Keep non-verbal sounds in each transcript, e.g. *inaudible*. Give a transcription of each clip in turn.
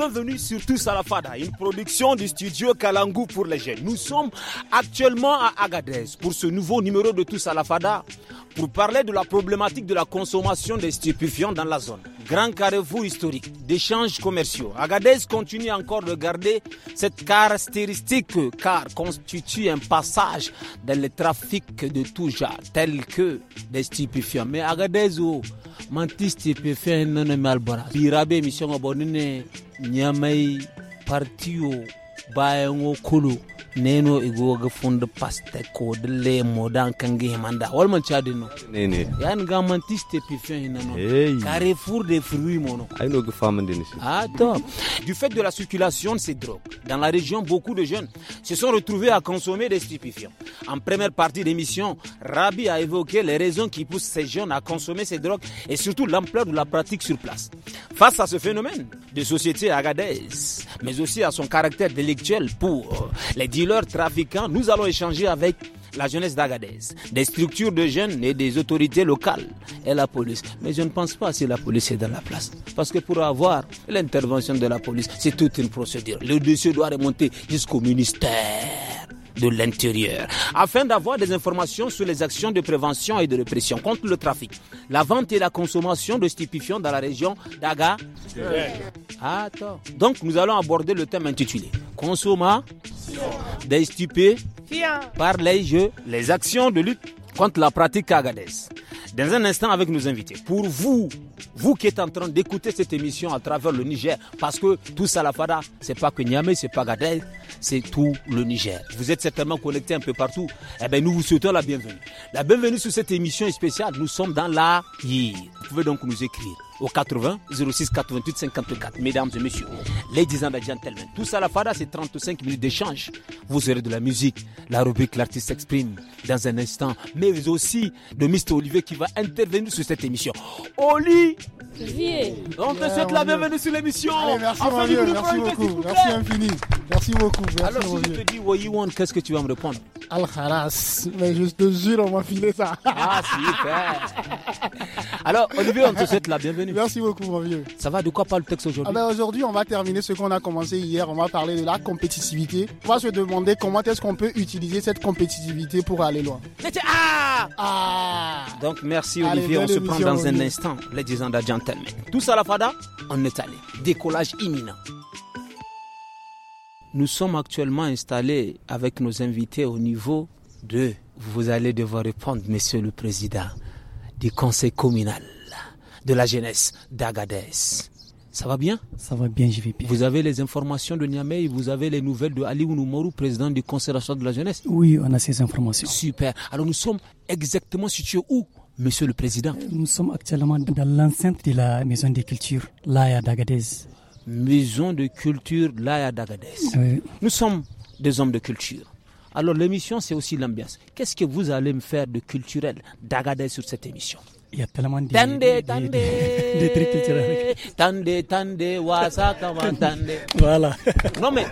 Bienvenue sur Tous à la Fada, une production du studio Kalangu pour les jeunes. Nous sommes actuellement à Agadez pour ce nouveau numéro de Tous à la Fada pour parler de la problématique de la consommation des stupéfiants dans la zone grand carrefour historique d'échanges commerciaux. Agadez continue encore de garder cette caractéristique car constitue un passage dans le trafic de tout genre, tel que des stupéfiants. Mais Agadez, ou oh, mantis stupéfiants, non, Birabe, mission nyamai, partio, oh, baengo, kolo neno dan ne ne des fruits du fait de la circulation de ces drogues dans la région beaucoup de jeunes se sont retrouvés à consommer des stupéfiants en première partie d'émission Rabi a évoqué les raisons qui poussent ces jeunes à consommer ces drogues et surtout l'ampleur de la pratique sur place Face à ce phénomène de société agadaise, mais aussi à son caractère délictuel pour les dealers trafiquants, nous allons échanger avec la jeunesse d'Agadez, des structures de jeunes et des autorités locales et la police. Mais je ne pense pas si la police est dans la place. Parce que pour avoir l'intervention de la police, c'est toute une procédure. Le dossier doit remonter jusqu'au ministère de l'Intérieur, afin d'avoir des informations sur les actions de prévention et de répression contre le trafic, la vente et la consommation de stupéfiants dans la région d'Aga. Attends. Donc nous allons aborder le thème intitulé Consommation des stupéfiants par les jeux, les actions de lutte contre la pratique Agadez. Dans un instant avec nos invités. Pour vous, vous qui êtes en train d'écouter cette émission à travers le Niger, parce que tout Salafada, c'est pas que Niamey, c'est pas Agadez, c'est tout le Niger. Vous êtes certainement connectés un peu partout. Eh bien, nous vous souhaitons la bienvenue. La bienvenue sur cette émission spéciale. Nous sommes dans la Yir. Vous pouvez donc nous écrire au 80 06 88 54. Mesdames et messieurs, ladies and gentlemen, tout ça la fada, c'est 35 minutes d'échange. Vous aurez de la musique, la rubrique L'artiste s'exprime dans un instant, mais aussi de Mr. Olivier qui va intervenir sur cette émission. Oli on te souhaite la bienvenue sur l'émission. Merci, mon vieux, merci beaucoup. Merci infini. Merci beaucoup. Alors, si je te dis what you want, qu'est-ce que tu vas me répondre Al Khalas. Mais je te jure, on m'a filé ça. Ah, super. Alors, Olivier, on te souhaite la bienvenue. Merci beaucoup, mon vieux. Ça va, de quoi parle le texte aujourd'hui ah ben, aujourd'hui, on va terminer ce qu'on a commencé hier. On va parler de la compétitivité. On va se demander comment est-ce qu'on peut utiliser cette compétitivité pour aller loin. Ah, ah Donc, merci, Olivier. on se prend dans un instant. les Ladies and tout la fada, en est Décollage imminent. Nous sommes actuellement installés avec nos invités au niveau de, vous allez devoir répondre, Monsieur le Président, du Conseil communal de la jeunesse d'Agadez. Ça va bien Ça va bien, je vais bien. Vous avez les informations de Niamey, vous avez les nouvelles de Ali Morou, président du Conseil de la jeunesse Oui, on a ces informations. Super. Alors nous sommes exactement situés où Monsieur le Président Nous sommes actuellement dans l'enceinte de la Maison de culture l'Aya d'Agadez. Maison de Culture, l'Aya d'Agadez. Nous sommes des hommes de culture. Alors l'émission, c'est aussi l'ambiance. Qu'est-ce que vous allez me faire de culturel d'Agadez sur cette émission il y a tellement de, tande, tande, trucs Tande, tande, wasa, tande. *laughs* Voilà. Non, mais,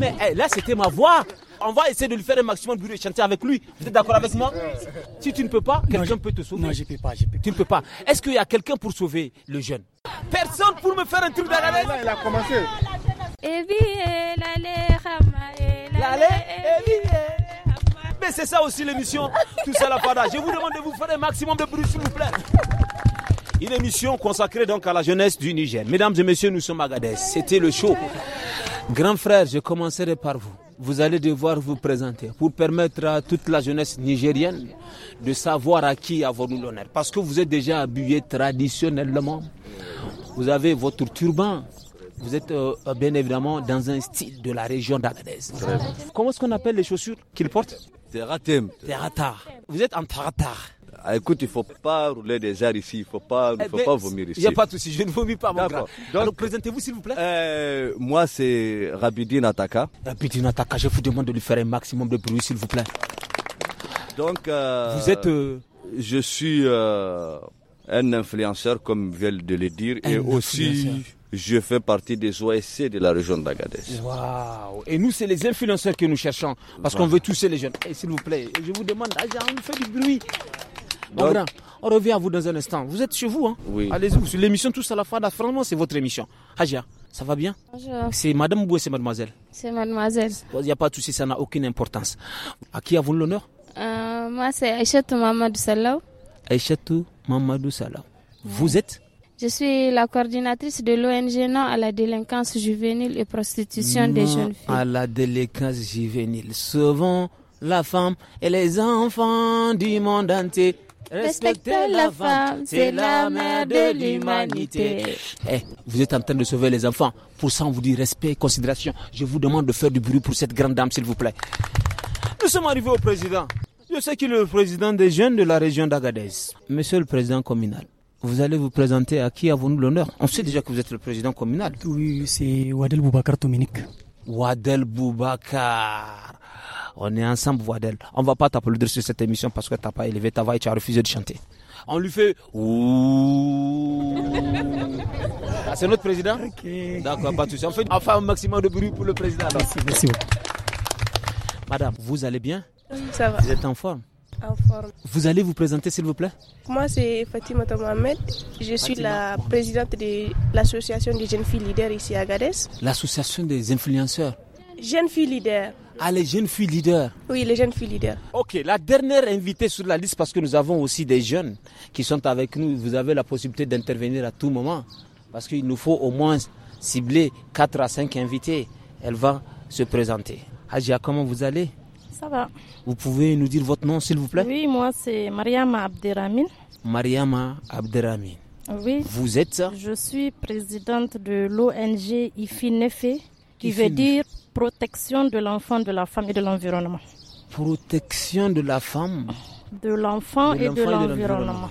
mais eh, là, c'était ma voix. On va essayer de lui faire un maximum de bruit et chanter avec lui. Vous êtes d'accord avec moi Si tu ne peux pas, quelqu'un peut te sauver. Non, je ne peux pas. Je peux Tu ne peux pas. Est-ce qu'il y a quelqu'un pour sauver le jeune Personne pour me faire un truc non, ah, Il a commencé. Eh c'est ça aussi l'émission. Tout ça la Je vous demande de vous faire un maximum de bruit, s'il vous plaît. Une émission consacrée donc à la jeunesse du Niger. Mesdames et messieurs, nous sommes à C'était le show. Grand frère, je commencerai par vous. Vous allez devoir vous présenter pour permettre à toute la jeunesse nigérienne de savoir à qui avoir l'honneur. Parce que vous êtes déjà habillé traditionnellement. Vous avez votre turban, vous êtes euh, bien évidemment dans un style de la région d'Agadez. Comment est-ce qu'on appelle les chaussures qu'il porte vous êtes en teratar. Ah, écoute, il ne faut pas rouler des airs ici, il ne faut pas, eh faut ben, vomir ici. Il n'y a pas de souci, je ne vomis pas, mon grand. Donc, présentez-vous, s'il vous plaît. Euh, moi, c'est Rabidine Ataka. Rabidine Ataka, je vous demande de lui faire un maximum de bruit, s'il vous plaît. Donc, euh, vous êtes. Euh, je suis un influenceur, comme viens de le dire, et aussi je fais partie des OSC de la région d'Agadez. Waouh Et nous, c'est les influenceurs que nous cherchons, parce qu'on veut tousser les jeunes. Et eh, s'il vous plaît, je vous demande, on fait du bruit. on revient à vous dans un instant. Vous êtes chez vous, hein oui. Allez-y, sur l'émission Tous à la Fada. Franchement, c'est votre émission. Aja, ça va bien C'est madame ou c'est mademoiselle C'est mademoiselle. Il n'y a pas de souci, ça n'a aucune importance. À qui avons vous l'honneur euh, Moi, c'est Aïchatou Mamadou Salaw. Aïchatou Mamadou Salaw. Vous êtes je suis la coordinatrice de l'ONG Non à la délinquance juvénile et prostitution des jeunes filles. À la délinquance juvénile. Sauvons la femme et les enfants du monde entier. Respectez la, femme, c'est la mère de l'humanité. Eh, vous êtes en train de sauver les enfants. Pour ça, on vous dit respect et considération. Je vous demande de faire du bruit pour cette grande dame, s'il vous plaît. Nous sommes arrivés au président. Je sais qu'il est le président des jeunes de la région d'Agadez. Monsieur le président communal, vous allez vous présenter à qui avons-nous l'honneur On sait déjà que vous êtes le président communal. Oui, c'est Wadel Boubacar Dominique. Wadel Boubacar. On est ensemble, Wadel. On va pas t'applaudir sur cette émission parce que t'as pas élevé ta voix et tu as refusé de chanter. On lui fait ah, c'est notre président D'accord, pas de souci. On fait enfin un maximum de bruit pour le président. Merci, merci beaucoup. Madame, vous allez bien Ça va. Vous êtes en forme vous allez vous présenter, s'il vous plaît Moi, c'est Fatima Mohamed. Je suis la présidente de l'association des jeunes filles leaders ici à Gades. L'association des influenceurs Jeunes filles leaders. Ah, les jeunes filles leaders Oui, les jeunes filles leaders. Ok, la dernière invitée sur la liste, parce que nous avons aussi des jeunes qui sont avec nous. Vous avez la possibilité d'intervenir à tout moment. Parce qu'il nous faut au moins cibler 4 à 5 invités. Elle va se présenter. Aja comment vous allez ça va. Vous pouvez nous dire votre nom, s'il vous plaît Oui, moi, c'est Mariama Abderramine. Mariama Abderramine. Oui. Vous êtes Je suis présidente de l'ONG IFINEFE, qui veut dire protection de l'enfant, de la femme et de l'environnement. Protection de la femme De l'enfant et de l'environnement.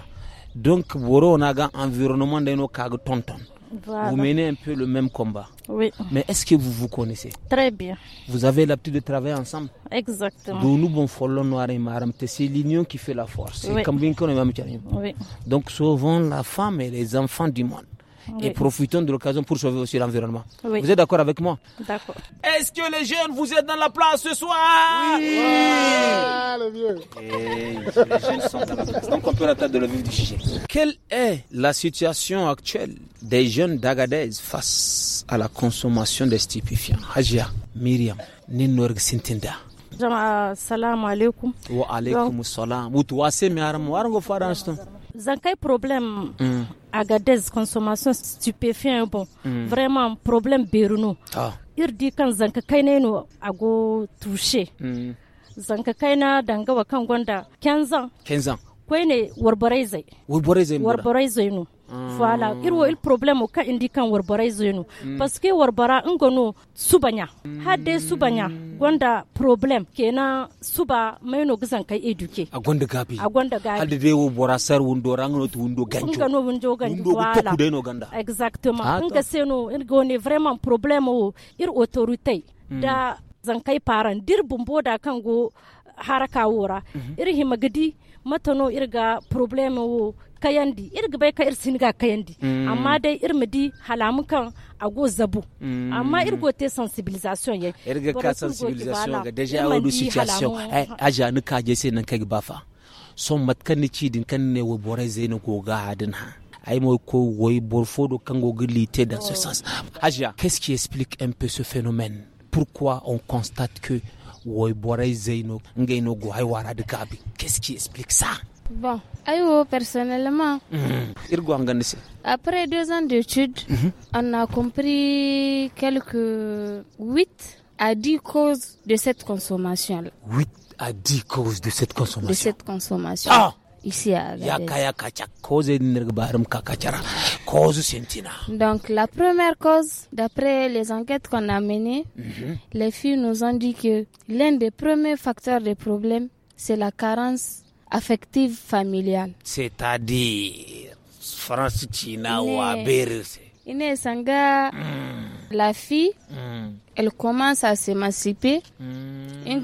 Donc, Boro, on environnement de nos tonton. Vous menez un peu le même combat. Oui. Mais est-ce que vous vous connaissez Très bien. Vous avez l'habitude de travailler ensemble Exactement. Nous, c'est l'union qui fait la force. Oui. Donc, souvent, la femme et les enfants du monde et profitons de l'occasion pour sauver aussi l'environnement. Vous êtes d'accord avec moi D'accord. Est-ce que les jeunes, vous êtes dans la place ce soir Oui, Ah, le vieux. Eh, les jeunes sont dans la place. Donc on peut attendre le vivre du chien. Quelle est la situation actuelle des jeunes d'Agadez face à la consommation des stupéfiants Hajia, Myriam, Ninorg Sintinda. jama'a alaikum wa alaikum salam mutuwa sai mai haramu zankai problème hmm. agadez consommation stupéfiant hein, bon hmm. vraiment problème ah. Il Il irdi kan zanka no ago touché zankai hmm. zanka kaina danga wa kan 15 ans 15 ans fala ir wo il problème ka indi kan warbara zeno mm. parce que warbara ngono subanya hadde subanya gonda problème kenan suba maino gizan kai eduke a gonda gabi a gonda gabi hadde de wo bora sar wundo rangono to wundo ganjo ngono wundo ganjo wala wundo ko no ganda exactement nga seno ngone vraiment problème wo ir autorité mm. da zankai paran dir bumbo da go haraka wora mhm. ir himagadi matano irga problem wo kayandi irga bai ka ga kayandi mm. amma zabu mm. amma irgo te sensibilisation ye irga ka sensibilisation ga deja a situation aja ni ka je bafa son kango ce oh. qu'est-ce qui explique un peu ce phénomène pourquoi on constate que qu'est-ce qui explique ça Bon, personnellement, hmm. après deux ans d'études, mhm. on a compris quelques 8 à 10 causes de cette consommation. 8 à 10 causes de cette consommation. De cette consommation. Ah ici Donc la première cause, d'après les enquêtes qu'on a menées, mhm. les filles nous ont dit que l'un des premiers facteurs de problème, c'est la carence affective familiale. C'est-à-dire, France China ou Inès Sanga, mm. la fille, mm. elle commence à s'émanciper. Mm.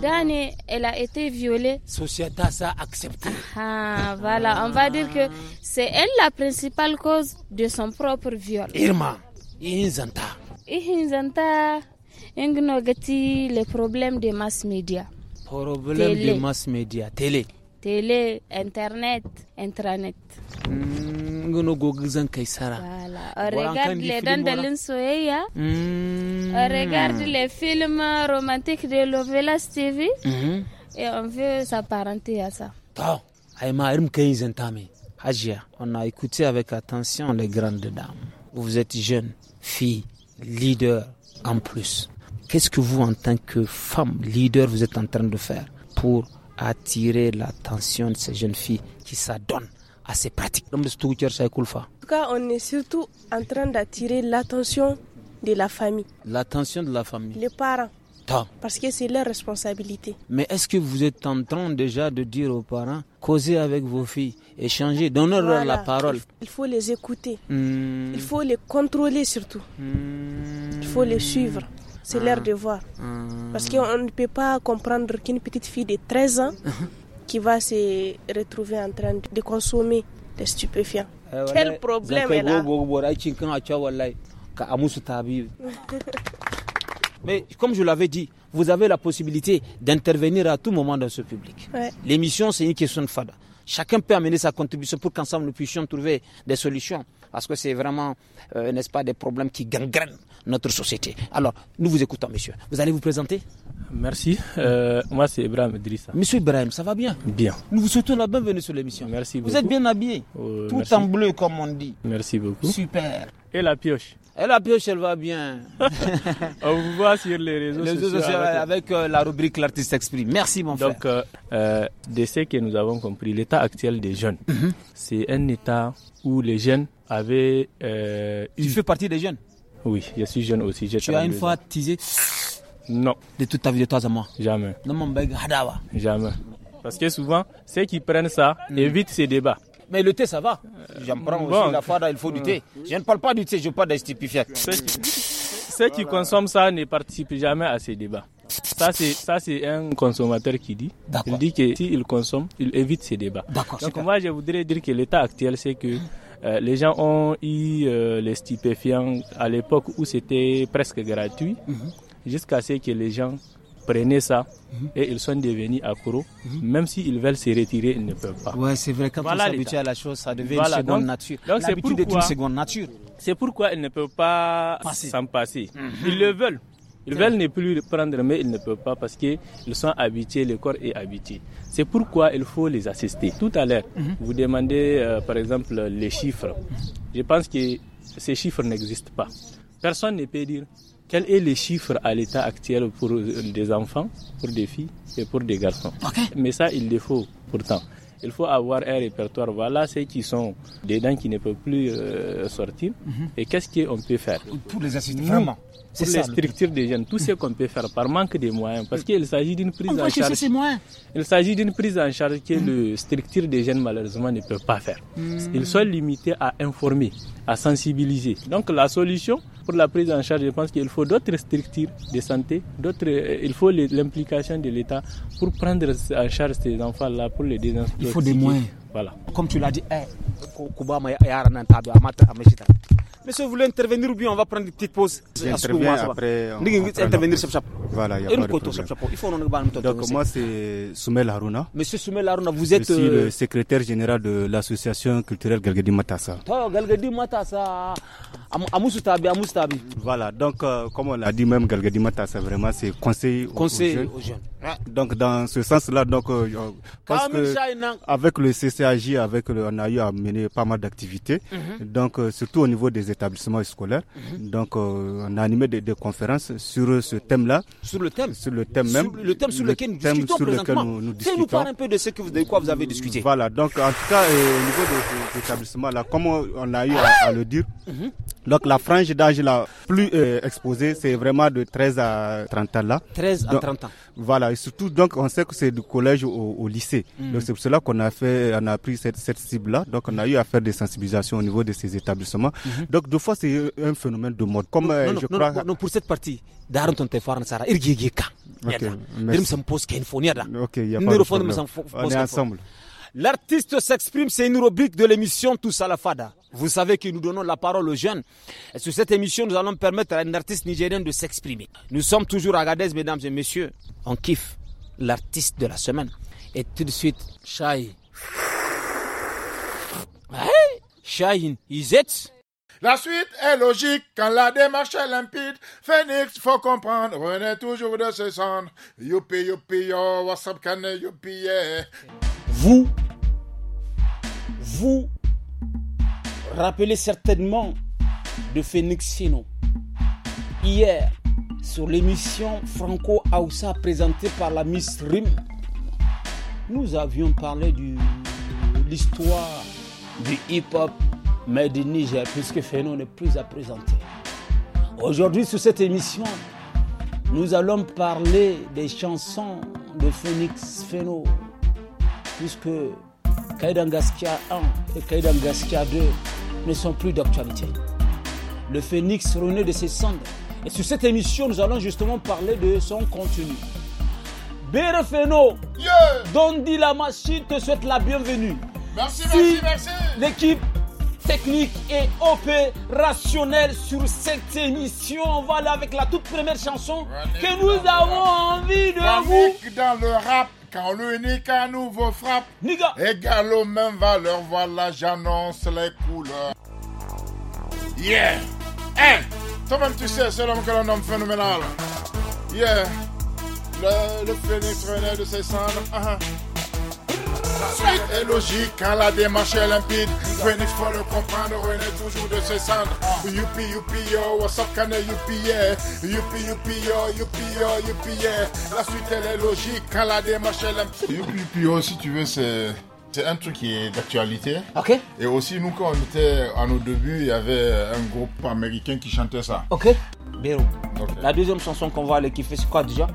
Dernier, elle a été violée. Société a accepté. Ah, voilà, on va dire que c'est elle la principale cause de son propre viol. Irma, Inzanta. Inzanta, Ingnogati, les problèmes des mass médias. Problèmes des mass médias, télé télé, internet, intranet. Mm, on regarde les mm. les films romantiques de Lovelace TV mhm. et on veut s'apparenter à ça on a écouté avec attention les grandes dames vous êtes jeune fille leader en plus qu'est-ce que vous en tant que femme leader vous êtes en train de faire pour attirer l'attention de ces jeunes filles qui s'adonnent à ces pratiques. En tout cas, on est surtout en train d'attirer l'attention de la famille. L'attention de la famille. Les parents. Parce que c'est leur responsabilité. Mais est-ce que vous êtes en train déjà de dire aux parents, causez avec vos filles, échangez, donnez-leur la parole Il faut les écouter. Hmm. Il faut les contrôler surtout. Hmm. Il faut les suivre c'est l'air de voir. Parce hmm. qu'on ne peut pas comprendre qu'une petite fille de 13 ans *laughs* qui va se retrouver en train de consommer des stupéfiants. Eh, Quel problème elle *laughs* Mais comme je l'avais dit, vous avez la possibilité d'intervenir à tout moment dans ce public. L'émission, c'est une question de fada. Chacun peut amener sa contribution pour qu'ensemble nous puissions trouver des solutions. Parce que c'est vraiment, euh, n'est-ce pas, des problèmes qui gangrènent notre société. Alors, nous vous écoutons, monsieur. Vous allez vous présenter Merci. Euh, moi, c'est Ibrahim Idrissa. Monsieur Ibrahim, ça va bien Bien. Nous vous souhaitons la bienvenue sur l'émission. Merci beaucoup. Vous êtes bien habillé oh, Tout en bleu, comme on dit. Merci beaucoup. Super. Et la pioche et la pioche, elle va bien. *laughs* on vous voit sur les réseaux, les sociaux, sociaux, avec, euh, la rubrique L'artiste exprime. Merci, mon frère. Donc, euh, de ce que nous avons compris, l'état actuel des jeunes, mhm. c'est un état où les jeunes avaient. Euh, tu fais partie des jeunes oui, je suis jeune aussi. Tu as une fois teasé Non. De toute ta vie, de toi à moi Jamais. Non, mon bec hadawa Jamais. Parce que souvent, ceux qui prennent ça mm. évitent ces débats. Mais le thé, ça va. J'en prends euh, aussi. La fada, il faut du thé. Mm. Je ne parle pas du thé, je parle des stupéfiants. Ceux qui, consomment ça ne participent jamais à ces débats. Ça, c'est, un consommateur qui dit. Il dit que s'il consomme, il évite ces débats. Donc, moi, je voudrais dire que l'état actuel, c'est que mm. Euh, les gens ont eu euh, les stupéfiants à l'époque où c'était presque gratuit, mhm. jusqu'à ce que les gens prenaient ça mhm. et ils sont devenus accros. Mhm. Même s'ils veulent se retirer, ils ne peuvent pas. Oui, c'est vrai, quand voilà on à la chose, ça devient une seconde nature. L'habitude est une seconde nature. C'est pourquoi ils ne peuvent pas s'en passer. Ils le veulent. Ils veulent ne plus prendre, mais ils ne peuvent pas parce qu'ils sont habitués, le corps est habitué. C'est pourquoi il faut les assister. Tout à l'heure, mhm. vous demandez euh, par exemple les chiffres. Je pense que ces chiffres n'existent pas. Personne ne peut dire quel est le chiffre à l'état actuel pour des enfants, pour des filles et pour des garçons. Mais ça, il le faut pourtant. Il faut avoir un répertoire. Voilà ceux qui sont dedans, qui ne peuvent plus euh, sortir. Mhm. Et qu'est-ce qu'on peut faire Pour les assister, vraiment pour les structures des jeunes, tout ce qu'on peut faire par manque de moyens, parce qu'il s'agit d'une prise en charge. Ces moyens. Il s'agit d'une prise en charge que le structure des jeunes malheureusement ne peut pas faire. Hmm. Ils sont limités à informer, à sensibiliser. Donc la solution pour la prise en charge, je pense qu'il faut d'autres structures de santé, d'autres, il faut l'implication de l'État pour prendre en charge ces enfants-là pour les désinstruire. Il faut des moyens. Voilà. Comme tu l'as dit, eh, Monsieur, vous voulez intervenir ou bien on va prendre une petite pause J'interviens après. On, va intervenir sur chap. Voilà, il y a un pas de problème. Il faut on Donc moi c'est Soumel Harouna. Monsieur Soumel Harouna, vous êtes Je suis le euh, secrétaire général de l'association culturelle Galgadi Matassa. Oh, Galgadi Matassa. Amoustabi, Amoustabi. Voilà, donc euh, comme on l'a dit même Galgadi Matassa vraiment c'est conseil, aux, Aux jeunes. Ah, donc dans ce sens-là, donc euh, euh, parce avec le CCAJ, avec on a eu à mener pas mal d'activités, mhm. donc euh, surtout au niveau des établissements scolaires. Mhm. Donc on a animé des, conférences sur ce thème-là. Sur le thème. Sur le thème même. le thème sur lequel nous discutons nous, un peu de ce que vous, quoi vous avez discuté. Voilà. Donc en tout cas au niveau des, établissements là, comment on a eu à, le dire, mhm. Donc la frange d'âge la plus euh, exposée, c'est vraiment de 13 à 30 ans là. 13 à 30 ans. Voilà, et surtout donc on sait que c'est du collège au, lycée. Mm. Donc c'est pour cela qu'on a fait, on a pris cette, cette cible là. Donc on a eu à faire des sensibilisations au niveau de ces établissements. Mm-hmm. Donc deux fois c'est un phénomène de mode. Comme non, euh, je crois. Non, pour cette partie, il y a pas de On est ensemble. L'artiste s'exprime, c'est une rubrique de l'émission Tous à la Fada. Vous savez que nous donnons la parole aux jeunes. Et sur cette émission, nous allons permettre à un artiste nigérien de s'exprimer. Nous sommes toujours à Gadez, mesdames et messieurs. On kiffe l'artiste de la semaine. Et tout de suite, Hey, Shine, is it? La suite est logique quand la démarche est limpide. Phoenix, faut comprendre, renaît toujours de ses cendres. Youpi, youpi, yo, what's up, can youpi, Vous, vous rappelez certainement de Phoenix Sino. Hier, sur l'émission Franco Aoussa présentée par la Miss Rim, nous avions parlé de l'histoire du hip-hop made in Niger, puisque Feno n'est plus à présenter. Aujourd'hui, sur cette émission, nous allons parler des chansons de Phoenix Feno. puisque Kaidan Gaskia 1 et Kaidan Gaskia 2 ne sont plus d'actualité. Le phénix renaît de ses cendres. Et sur cette émission, nous allons justement parler de son contenu. Berefeno, yeah. Dondi la machine te souhaite la bienvenue. Merci, merci, merci. L'équipe technique et opérationnelle sur cette émission. On va aller avec la toute première chanson que nous avons envie de vous... vous. dans le rap. Quand l'unique à nouveau frappe, Niga. et même valeur, voilà j'annonce les couleurs. Yeah. Hey, toi-même, tu sais, c'est l'homme que l'on nomme phénoménal. Yeah. Le, le phénix renaît de ses cendres. La ah, suite ah. est logique quand la démarche est limpide. Phoenix faut le comprendre, est toujours de ses cendres. Youpi youpi yo, what's up can youpi yeah. Youpi youpi yo, youpi yo, youpi yeah. La suite elle est logique quand la démarche est limpide. Youpi youpi yo, si tu veux, c'est c'est un truc qui est d'actualité. Ok. Et aussi, nous, quand on était à nos débuts, il y avait un groupe américain qui chantait ça. Ok. La deuxième chanson qu'on voit aller kiffer, c'est quoi déjà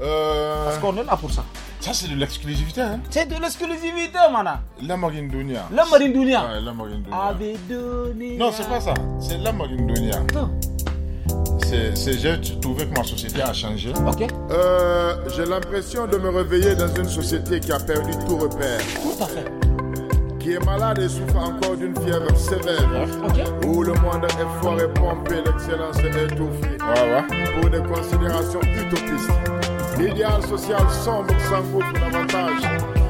euh, Parce qu'on est là pour ça. Ça, c'est de l'exclusivité, hein. C'est de l'exclusivité, mana. La Marindunia. La Marindunia. la Non, c'est pas ça. C'est la Marindunia. Non c'est j'ai trouvé que ma société a changé. Ok. Euh, j'ai l'impression de me réveiller dans une société qui a perdu tout repère. Tout à Qui est malade et souffre encore d'une fièvre sévère. Ok. Où le monde est fort et pompé, l'excellence est étouffée. Ouais, ouais. Pour des considérations utopistes. L'idéal social sombre fout davantage.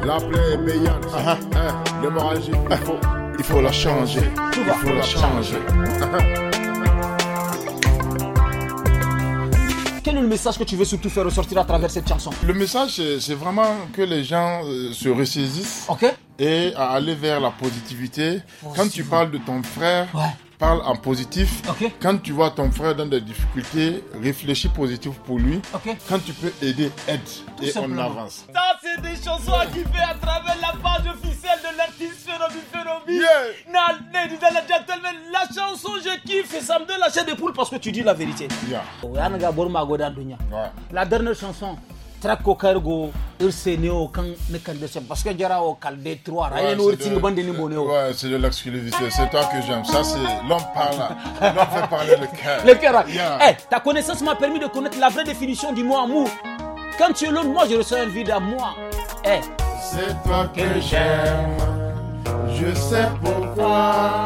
La plaie est payante. Ah, ah. Hein, l'hémorragie, il faut. Il faut la changer. Il faut la changer. *laughs* Ah, le message que tu veux surtout faire ressortir à travers cette chanson Le message, c'est vraiment que les gens euh, se ressaisissent ok et à aller vers la positivité. Quand tu parles de ton frère, parle en positif. Quand tu vois ton frère dans des difficultés, réfléchis positif pour lui. Quand tu peux aider, aide et on avance. Ça, c'est des chansons qui kiffer à travers la page officielle de l'artiste phénomène, phénomène. Yeah. Ladies and gentlemen, la chanson je kiffe, ça me donne la chair de poule parce que tu dis la vérité. Yeah. Oh, la dernière chanson, track cargo irse ne kan ne kan parce que j'ai o kal de trois rien o tin bande de boneo ouais c'est de l'exclusivité c'est toi que j'aime ça c'est l'homme parle l'homme fait parler le cœur le cœur yeah. hey, eh, ta connaissance m'a permis de connaître la vraie définition du mot amour quand tu es l'homme moi je ressens un vide à moi hey. Eh. c'est toi que j'aime je sais pourquoi.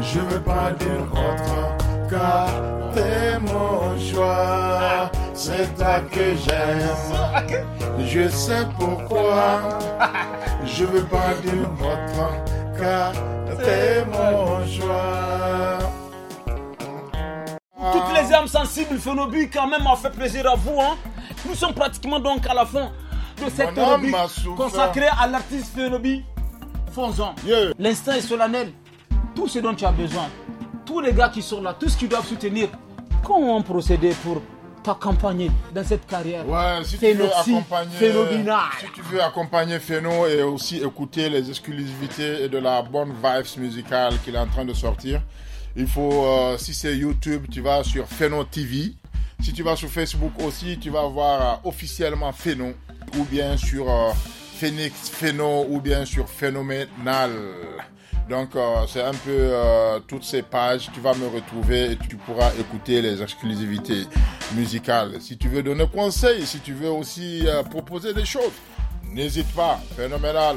Je veux pas dire autre car t'es mon choix. C'est toi que j'aime. Je sais pourquoi. *laughs* Je veux pas dire autre car t'es mon choix. Toutes les âmes sensibles, Phénobie, quand même, a fait plaisir à vous. Hein. Nous sommes pratiquement donc à la fin de cette rubrique consacrée à l'artiste Phénobie faisons en L'instinct est solennel. Tout ce dont tu as besoin, tous les gars qui sont là, Tout ce qui doivent soutenir, comment procéder pour t'accompagner dans cette carrière. Ouais, si tu veux accompagner, si et aussi écouter les exclusivités et de la bonne vibes musicale qu'il est en train de sortir, il faut, euh, si c'est YouTube, tu vas sur Feno TV. Si tu vas sur Facebook aussi, tu vas voir euh, officiellement Feno ou bien sur euh, Phoenix Phéno ou bien sûr Phénoménal. Donc euh, c'est un peu euh, toutes ces pages, tu vas me retrouver et tu pourras écouter les exclusivités musicales. Si tu veux donner conseil, si tu veux aussi euh, proposer des choses, n'hésite pas, phénoménal.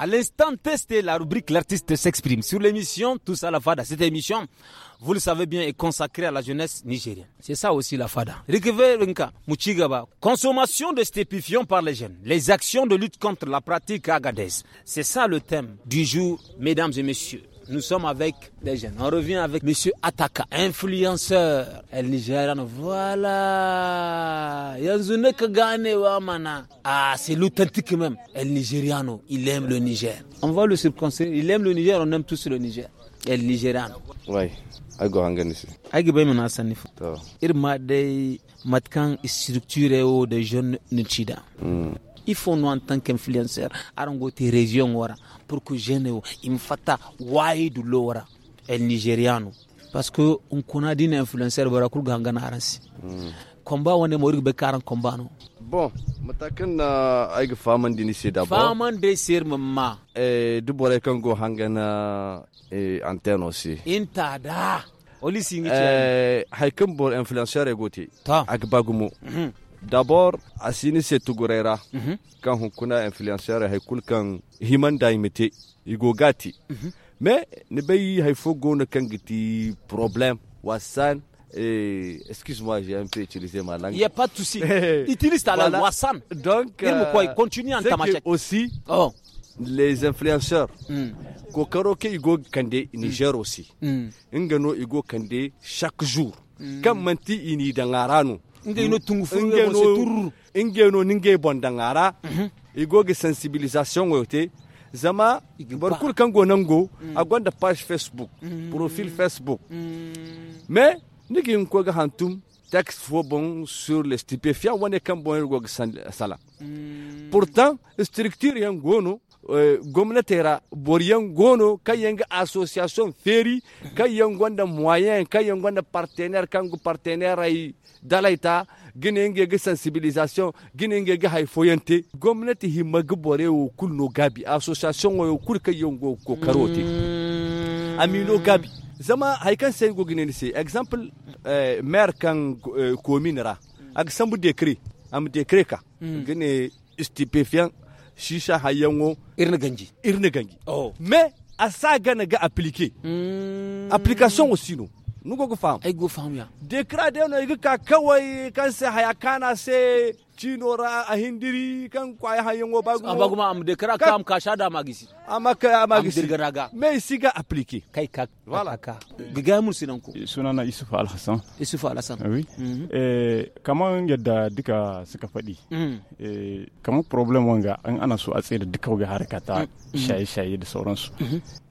À l'instant testé, la rubrique L'artiste s'exprime sur l'émission Tout ça, la Fada. Cette émission, vous le savez bien, est consacrée à la jeunesse nigérienne. C'est ça aussi la Fada. Muchigaba. Consommation de stupéfiants par les jeunes. Les actions de lutte contre la pratique agadez. C'est ça le thème du jour, mesdames et messieurs. Nous sommes avec des jeunes. On revient avec Monsieur Ataka, influenceur. El Nigerian, voilà. Ah, c'est l'authentique même. El Nigeriano, il aime le Niger. On va le circonstruire. Il aime le Niger, on aime tous le Niger. El Nigeriano. Oui. aigo hangan isi aigi bai mana sani fu irma dai matkan structure au eh, oh, de jeunes nutida mm il faut nous en tant qu'influenceur arango te région wara pour que jeune me fata wide lora el nigériano parce que on connaît d'une influenceur wara kul gangana aransi combat hmm. wane morig be karan combat no bon matakan na euh, aiga faman dini se da faman de sir mamma eh du bore kan go hangana eh antenne aussi intada oli singi eh hay kan bor influenceur e goti ta agbagumo mm -hmm d'abord asini se tugurera mm -hmm. kan hunkuna influencer hay kan himan daimete igogati mm -hmm. me ne bay hay fogona kan giti problème wasan eh, excuse-moi, j'ai un peu utilisé ma langue. Il y a pas de souci. *laughs* Utilise ta langue, wasan Donc, euh, continue en tamashek. aussi, oh. les influenceurs, mm. kokaro ke igo kande mm. Niger aussi. Mm. igog igo kande chaque jour. Mm. Kan manti ini dangarano ingeno tungu fu ingeno ninge bondangara igogi sensibilisation yote zama barkul kango nango mm. agonda page facebook mm. profil facebook mm. mais nigi ko ga hantum texte fo bon sur les stupéfiants wone kan bon sala pourtant structure yangono Eh, gwamnati gwamnatera boriyan gono kan yanga association feri kan yan gwanda moyen kan yan gwanda partenaire kan gu partenaire ay dalaita gine nge ga sensibilisation gine nge ga hay foyante gwamnati hi mag bore wo kul no gabi association wo kul kan yango ko karote mm. amino gabi zama hay kan sen go gine ni se example eh, maire kan commune eh, ra ak sambu décret am décret ka mm. gine stupéfiant shisha hayango Irne ganji Irne ganji oh. mais a sa gana ga appliquer hmm. application aussi nous nugo go fam ay go fam ya de kra de no ga kawai kan se hayakana se ra a hindiri kan kwaya hayen wo bagu abagu ma am de kara kam ka shada magisi amaka amagisi Me mais ga aplike. kai ka Wala ka giga mun sinan ko sunana isufa alhasan isufa alhasan oui mhm. eh, Kama kaman yadda duka suka fadi mhm. eh, Kama kaman problem wanga an ana so a tsaye da duka ga harkata mhm. shaye shaye da sauransu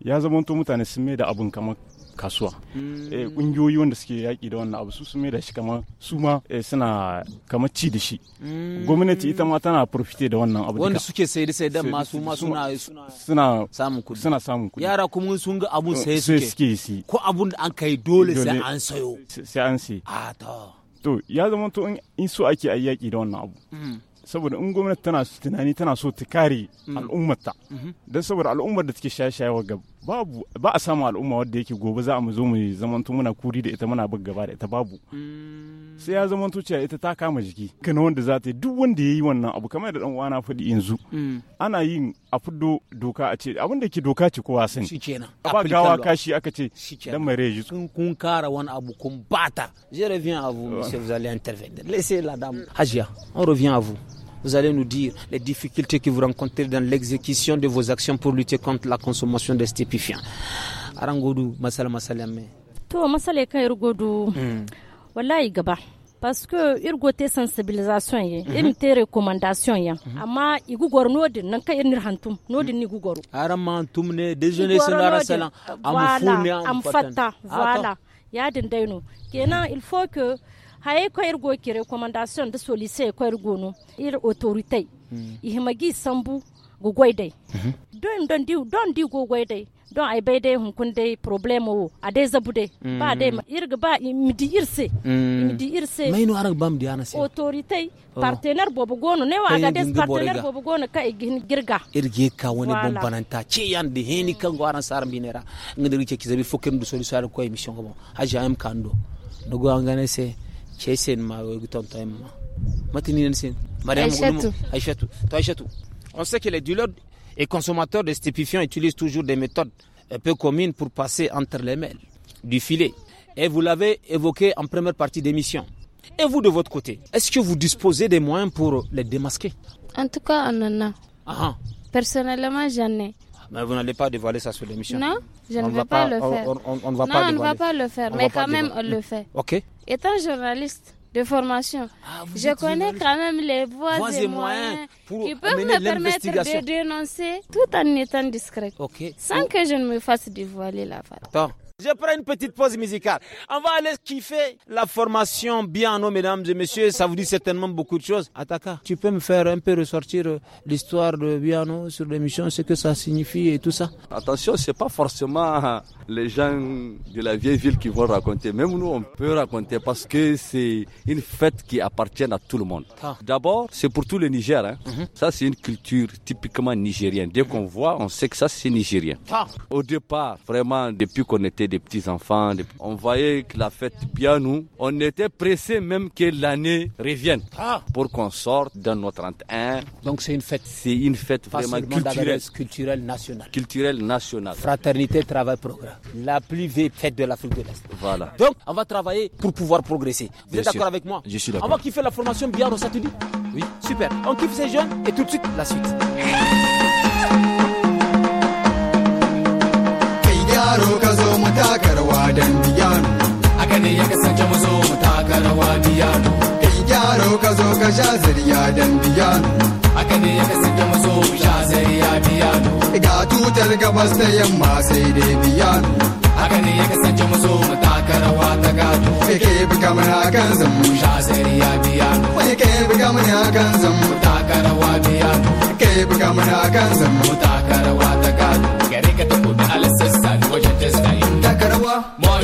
ya zama to mutane sun mai da abun kama. kasuwa mm. eh, ƙungiyoyi wanda suke yaƙi da wannan abu su su mai da shi kama su ma eh, suna kama ci da shi mm. gwamnati ita ma tana profite da wannan abu wanda suke sai da sai dan ma su ma suna suna samun kuɗi suna samun kuɗi yara kuma sun ga abun eh, sai suke suke ko abun da an kai dole sai an sayo sai an sai a to to ya zama to in so ake ayi yaƙi da wannan abu mm. saboda in gwamnati tana tunani tana so ta kare al'ummarta mm-hmm. don saboda al'ummar da take shaye-shaye wa gaba babu ba a samu al'umma wadda yake gobe za mu zo mu zamanto muna kuri da ita muna gaba da ita babu mm. sai ya zamanto cewa ita ta kama jiki kana wanda za ta yi duk wanda ya yi wannan abu kamar da dan uwa na fadi yanzu mm. ana yin a fuddo doka a ce abin da ke doka ce kowa sani shikenan ba gawa kashi aka ce dan mare reji kun kun kara wani abu kun bata je reviens à vous ah. monsieur vous allez intervenir laissez la dame hajiya on revient à vous vous allez nous dire les difficultés que vous rencontrez dans l'exécution de vos actions pour lutter contre la consommation des stupéfiants. Arangodu, masala masalame. To masale kan voilà hmm. Wallahi gaba. parce que irgo sensibilisation ye mm te recommandation ya mhm. ama igu gor nodin nanka yenirhantum, hmm. nodin ni gu goru ne déjeuner sur la am voilà ah, ya din kena il faut que haye koyar go kire recommendation da solise koyar go no ir Ihima ihimagi sambu go goidai mhm. don don di don di go goidai don ai bai dai hunkun dai problemo wo a dai zabu dai ba hmm. dai irga ba imidi irse hmm. imidi irse mai no arag bam diana se autorité oh. partenaire bobo gono ne wa ga des partenaire bobo gono ka igin e girga irge ka woni bom bananta ce yan de heni kan go aran sar binera ngidir ke kizabi fokem du soli ko emission go haja am kando dogo angane se on sait que les dealers et consommateurs de stupéfiants utilisent toujours des méthodes peu communes pour passer entre les mails du filet et vous l'avez évoqué en première partie d'émission et vous de votre côté est-ce que vous disposez des moyens pour les démasquer en tout cas on en a ah. personnellement j'en ai mais vous n'allez pas dévoiler ça sur l'émission Non, je ne vais pas, le faire. On, va non, pas on ne va pas le faire, mais quand même, on le fait. OK. Étant journaliste, de formation. Ah, je connais quand même les voies, et moyens, qui peuvent me permettre de dénoncer tout en étant discret, sans que je ne me fasse dévoiler la face. Je prends une petite pause musicale. On va aller kiffer la formation bien, non, mesdames et messieurs. Ça vous dit certainement beaucoup de choses. Ataka, tu peux me faire un peu ressortir euh, l'histoire de Biano sur l'émission, ce que ça signifie et tout ça Attention, c'est pas forcément euh, les gens de la vieille ville qui vont raconter. Même nous, on peut raconter parce que c'est une fête qui appartient à tout le monde. Ah. D'abord, c'est pour tout le Niger. Ça, c'est une culture typiquement nigérienne. Dès qu'on voit, on sait que ça, c'est nigérien. Ah. Au départ, vraiment, depuis qu'on était des petits-enfants. On voyait que la fête bien nous. On était pressé même que l'année revienne ah. pour qu'on sorte dans nos 31. Donc c'est une fête. C'est une fête vraiment culturelle. culturelle nationale. Culturelle nationale. Fraternité, travail, programme. La plus vieille fête de l'Afrique de l'Est. Voilà. Donc on va travailler pour pouvoir progresser. Vous êtes d'accord avec moi Je suis d'accord. On va kiffer la formation bien ça te Oui. Super. On kiffe ces jeunes et tout de suite la suite. yaro ka zo mu takar wa dan biyano Aka ne ya kasance mu zo mu taka rawa biyano kai yaro ka zo ka sha zariya dan biyano Aka ne ya kasance mu zo mu sha zariya biyano ga tutar gabas ta yamma sai dai biyano Aka ne ya kasance mu zo mu takar rawa ta gado sai ke bi kamar hakan zan mu sha zariya biyano sai ke bi kamar hakan zan mu taka rawa biyano ke bi kamar hakan zan mu takar wa ta gado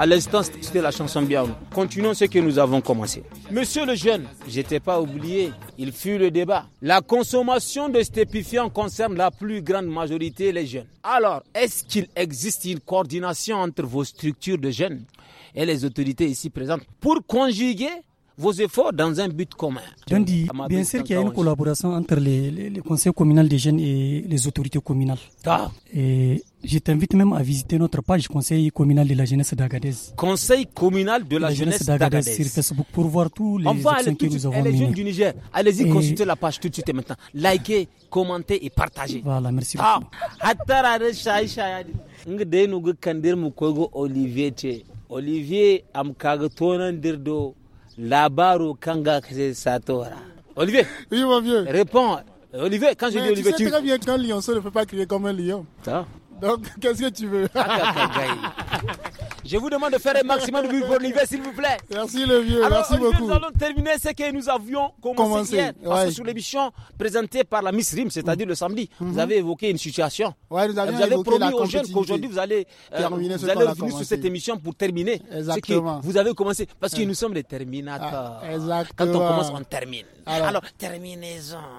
À l'instant, c'était la chanson bien. Continuons ce que nous avons commencé. Monsieur le jeune, j'étais pas oublié. Il fut le débat. La consommation de stupéfiants concerne la plus grande majorité les jeunes. Alors, est-ce qu'il existe une coordination entre vos structures de jeunes et les autorités ici présentes pour conjuguer vos efforts dans un but commun. bien sûr qu'il y a une collaboration entre les, les, conseils communaux des jeunes et les autorités communales. Ah. Et je t'invite même à visiter notre page Conseil communal de la jeunesse d'Agadez. Conseil communal de la, jeunesse, d'Agadez sur Facebook pour voir tous les On que nous avons les jeunes du Niger, allez-y et... consulter la page tout de suite maintenant. Likez, commentez et partagez. Voilà, merci ah, beaucoup. Ah. Olivier Olivier am kaga tonan dirdo labaru kanga kase satora. Olivier. Oui mon vieux. Réponds. Olivier, quand je dis Olivier, tu sais très bien qu'un lion ne peut pas crier comme un lion. Ça. Donc, qu'est-ce que tu veux je vous demande de faire un maximum de bruit pour l'hiver, s'il vous plaît. Merci, le vieux. Alors, Merci beaucoup. nous allons terminer ce que nous avions commencé, hier. sur l'émission présentée par la Miss Rim, c'est-à-dire le samedi, vous mhm. avez évoqué une situation. nous vous avez promis aux qu'aujourd'hui, vous allez, euh, venir sur cette émission pour terminer. Exactement. vous avez commencé. Parce que nous sommes les terminateurs. exactement. Ah, Quand on commence, on termine. Alors, alors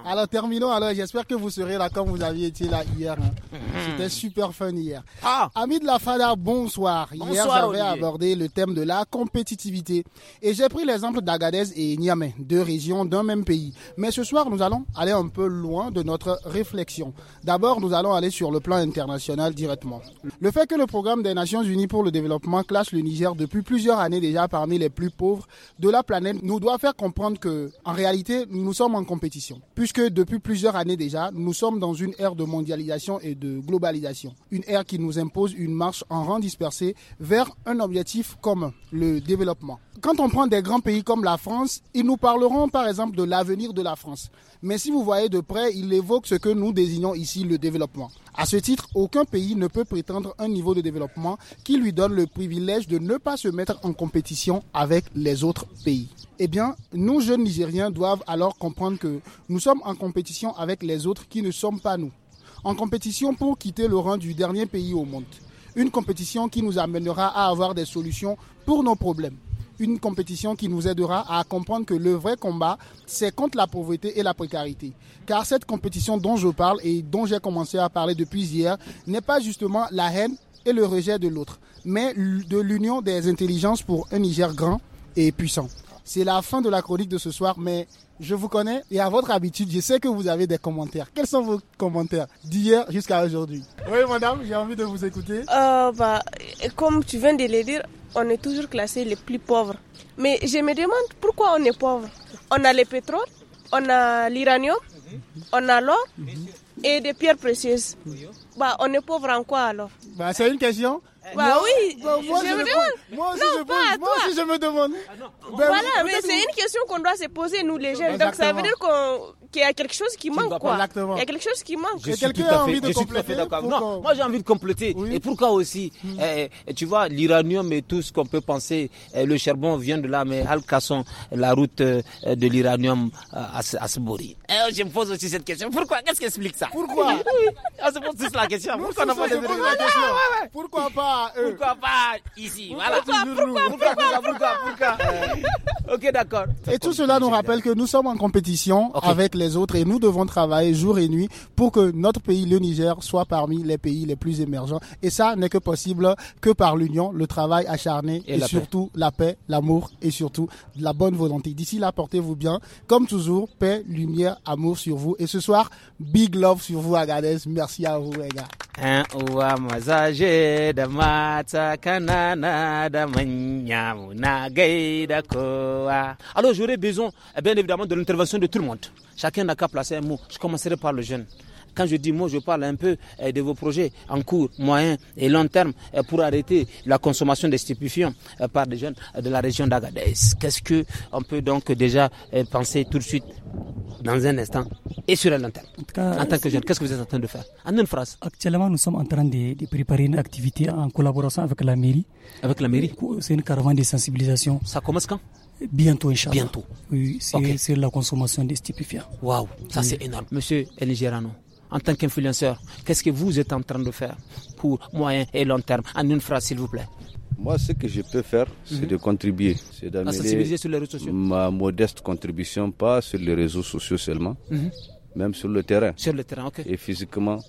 Alors, terminons. Alors, j'espère que vous serez là comme vous aviez été là hier. Hein. Mhm. C'était super fun hier. Ah. Amis de la Fada, bonsoir. Hier, j'avais abordé le thème de la compétitivité et j'ai pris l'exemple d'Agadez et Niamey, deux régions d'un même pays. Mais ce soir, nous allons aller un peu loin de notre réflexion. D'abord, nous allons aller sur le plan international directement. Le fait que le programme des Nations Unies pour le développement classe le Niger depuis plusieurs années déjà parmi les plus pauvres de la planète nous doit faire comprendre que, en réalité, nous sommes en compétition. Puisque depuis plusieurs années déjà, nous sommes dans une ère de mondialisation et de globalisation. Une ère qui nous impose une marche en rang dispersé vers un objectif comme le développement. Quand on prend des grands pays comme la France, ils nous parleront par exemple de l'avenir de la France. Mais si vous voyez de près, ils évoquent ce que nous désignons ici le développement. À ce titre, aucun pays ne peut prétendre un niveau de développement qui lui donne le privilège de ne pas se mettre en compétition avec les autres pays. Eh bien, nous jeunes Nigériens doivent alors comprendre que nous sommes en compétition avec les autres qui ne sommes pas nous. En compétition pour quitter le rang du dernier pays au monde. Une compétition qui nous amènera à avoir des solutions pour nos problèmes une compétition qui nous aidera à comprendre que le vrai combat, c'est contre la pauvreté et la précarité. Car cette compétition dont je parle et dont j'ai commencé à parler depuis hier n'est pas justement la haine et le rejet de l'autre, mais de l'union des intelligences pour un Niger grand et puissant. C'est la fin de la chronique de ce soir, mais je vous connais et à votre habitude, je sais que vous avez des commentaires. Quels sont vos commentaires d'hier jusqu'à aujourd'hui Oui, madame, j'ai envie de vous écouter. Euh, bah, comme tu viens de le dire, on est toujours classé les plus pauvres. Mais je me demande pourquoi on est pauvre. On a le pétrole, on a l'iranium, on a l'or et des pierres précieuses. Bah, on est pauvre en quoi alors bah, C'est une question eh, bah oui, eh, bah, je, me demande. Moi aussi, non, je, pas moi je me demande. Ah ben, voilà, mais c'est une question qu'on doit se poser, nous les jeunes. Donc ça veut dire qu'on qu'il y a quelque chose qui manque. Quoi. Il y a quelque chose qui manque. Je quelqu'un a envie de compléter. Non, moi j'ai envie de compléter. Et pourquoi aussi hmm. eh, eh, Tu vois, l'uranium et tout ce qu'on peut penser, eh, le charbon vient de là, mais Alcasson, la route de l'uranium à, à Sbori. je me pose aussi cette question. Pourquoi Qu'est-ce qui explique ça Pourquoi *laughs* On se pose tous la question. pourquoi on n'a pas de la Pourquoi pas Pourquoi pas ici voilà. pourquoi, pourquoi, pourquoi, pourquoi et tout cela nous rappelle que nous sommes en compétition avec les autres et nous devons travailler jour et nuit pour que notre pays, le Niger, soit parmi les pays les plus émergents. Et ça n'est que possible que par l'union, le travail acharné et, surtout la paix, l'amour et surtout la bonne volonté. D'ici là, portez-vous bien. Comme toujours, paix, lumière, amour sur vous. Et ce soir, big love sur vous, Agadez. Merci à vous, les gars. Alors j'aurais besoin, eh bien évidemment, de l'intervention de tout le monde. Chacun n'a qu'à placer un mot. Je commencerai par le jeune. Quand je dis moi, je parle un peu eh, de vos projets en cours, moyen et long terme eh, pour arrêter la consommation des stupéfiants par des jeunes de la région d'Agadez. Qu'est-ce qu'on peut donc déjà penser tout de suite, dans un instant et sur un long terme En, tant que jeune, qu'est-ce que vous êtes en train de faire En une phrase. Actuellement, nous sommes en train de, préparer une activité en collaboration avec la mairie. Avec la mairie C'est une caravane de sensibilisation. Ça commence quand Bientôt, Bientôt. Oui, c'est la consommation des stupéfiants. Waouh, ça c'est énorme. Monsieur El en tant qu'influenceur, qu'est-ce que vous êtes en train de faire pour moyen et long terme En une phrase, s'il vous plaît. Moi, ce que je peux faire, c'est mhm. de contribuer. C'est d'amener ma modeste contribution, pas sur les réseaux sociaux seulement, mhm même sur le terrain. Sur le terrain, ok. Et physiquement,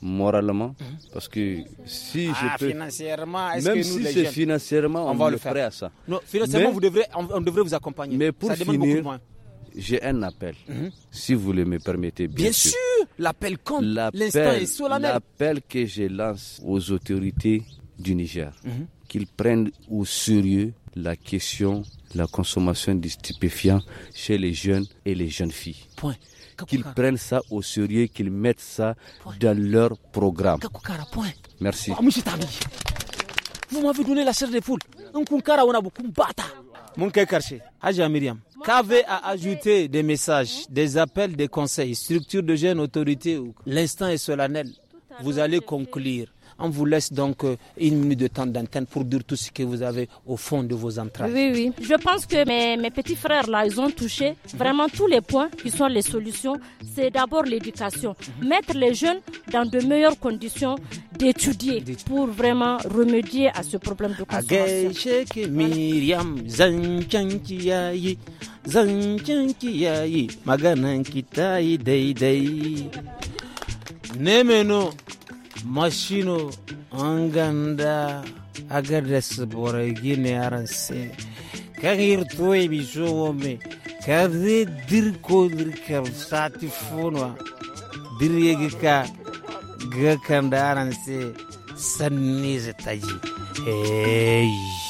moralement, mhm. Mhm. parce que si je ah, peux... financièrement, même si c'est financièrement, on, va le faire. ça. Non, financièrement, vous devrez, on, devrait vous accompagner. Mais pour finir, j'ai un appel, mhm. si vous le me permettez. Bien, bien sûr, l'appel compte. L'instant est L'appel que je lance aux autorités du Niger, qu'ils prennent au sérieux la question de la consommation de stupéfiants chez les jeunes et les jeunes filles. Point qu'ils prennent ça au sérieux, qu'ils mettent ça dans leur programme. Merci. Ah, vous m'avez donné la chair des poules. Mon Karshe, Aja Myriam, KV a ajouté des messages, des appels, des conseils, structure de jeunes autorités. L'instant est solennel. Vous allez conclure. On vous laisse donc euh, une minute de temps d'antenne pour dire tout ce que vous avez au fond de vos entrailles. Oui, oui. Je pense que mes, petits frères, là, ils ont touché vraiment tous les points qui sont les solutions. C'est d'abord l'éducation. Mhm. Mettre les jeunes dans de meilleures conditions d'étudier pour vraiment remédier à ce problème de consommation. mashino anganda agadas boragine aranse kan irtoy bisowome kade dirkodir kabsati funwa gakanda aranse sannize taji hey.